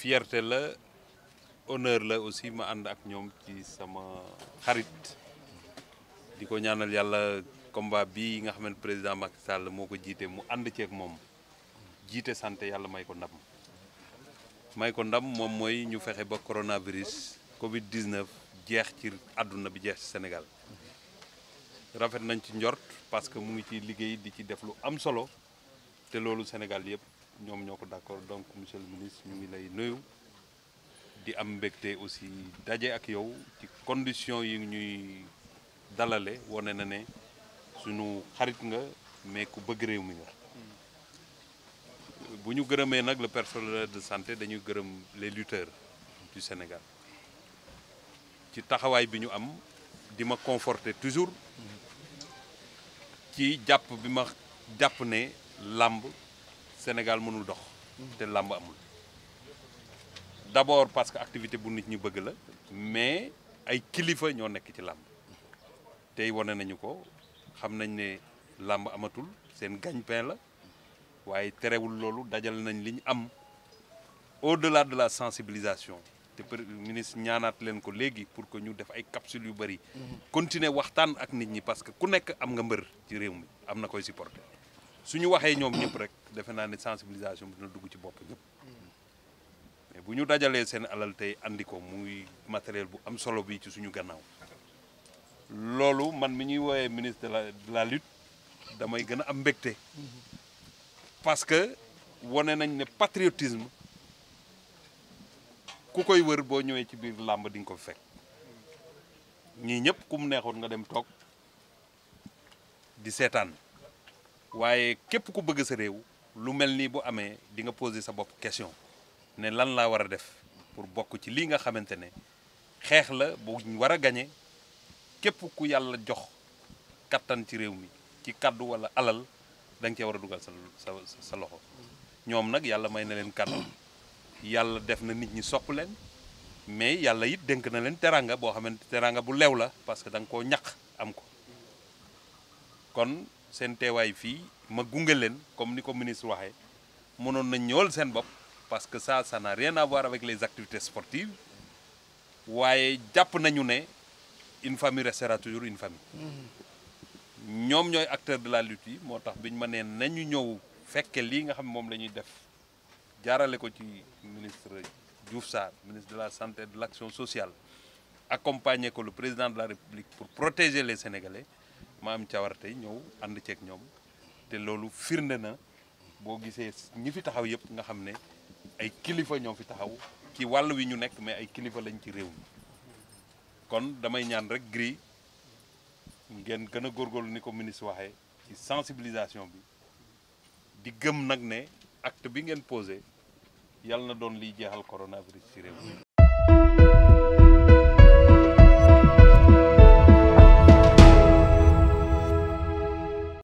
fierté la honneur la aussi ma and ak ñom ci sama xarit di ñaanal yalla combat bi nga xamné président Macky Sall moko jité mu mu ci ak mom, jité santé yalla may ko ndam may ko ndam mom moy ñu fexé ba coronavirus covid 19 jeex ci aduna bi jeex ci Sénégal rafet nañ ci njort parce que mu ngi ci liggéey di ci def lu am solo té lolu Sénégal yépp Nous sommes d'accord donc monsieur le ministre ñu ngi lay nuyu di am mbégte aussi daje ak yow ci condition yi ñuy dalale wane na ne sunu xarit nga mais ku bëgg réew mi nga mm. bu ñu le personnel de santé dañuy gërëm les lutteurs du Sénégal ci taxawaay bi ñu am di ma conforter toujours mm. ci jàpp bima ma l'ambre. Sénégal mënul dox te làmb amul d'abord parce que activité bu nit ñi bëgg la mais ay kilifa ñoo nekk ci làmb tey wane nañu ko xam nañ ne làmb amatul seen gagne-pain la waaye terewul loolu dajal nañ li ñu am au-delà de la sensibilisation te ministre ñaanaat leen ko léegi pour que ñu def ay capsules yu bari mm-hmm. continuer waxtaan ak nit ñi parce que ku nekk am nga mbër ci réew mi am na koy supporter su ñu waxee ñoom ñëpp rek defe naa ne sensibilisation bu dina dugg ci bopp ñëpp bu ñu dajalee seen alal tey andi muy matériel bu am solo bi ci suñu gannaaw loolu man mi ñuy woowee ministre de la de damay gën a am mbégte parce que wane nañ ne patriotisme ku koy wër boo ñëwee ci biir làmb di nga ko fekk ñii ñëpp ku mu neexoon nga dem toog di seetaan. waaye képp ku bëgg sa réew lu mel nii bu amee di nga poser sa bopp question ne lan laa war a def pour bokk ci lii nga xamante ne xeex la buñ war a gañe képp ku yàlla jox kattan ci réew mi ci kàddu walla alal da nga cee war a dugal sa sa loxo ñoom nag yàlla may na leen kàddu yàlla def na nit ñi sopp leen mais yàlla yit dénk na leen teranga boo xamante teranga bu lew la parce que da koo ñaq am ko kon sen teewaay fi ma gunge comme niko ministre waxee mënoon na ñol sen bop parce que ça ça n'a rien à voir avec les activités sportives waaye japp nañu né une famille restera toujours une famille ñom ñoy acteur de la lutte motax biñ tax nañu ñëw fekke li nga xam mom lañuy def ko ci ministre Diouf Sar ministre de la santé et de l'action sociale accompagner ko le président de la République pour protéger les Sénégalais ma am cawarte ñëw ànd ceeg ñoom te loolu firnde na boo gisee ñi fi taxaw yëpp nga xam ne ay kilifa ñoo fi taxaw ci wàll wi ñu nekk mais ay kilifa lañ ci réew mi kon damay ñaan rek Gris ngeen gën a góorgóorlu ni ko ministre waxee ci sensibilisation bi di gëm nag ne acte bi ngeen posé yàlla na doon liy jeexal coronavirus ci réew mi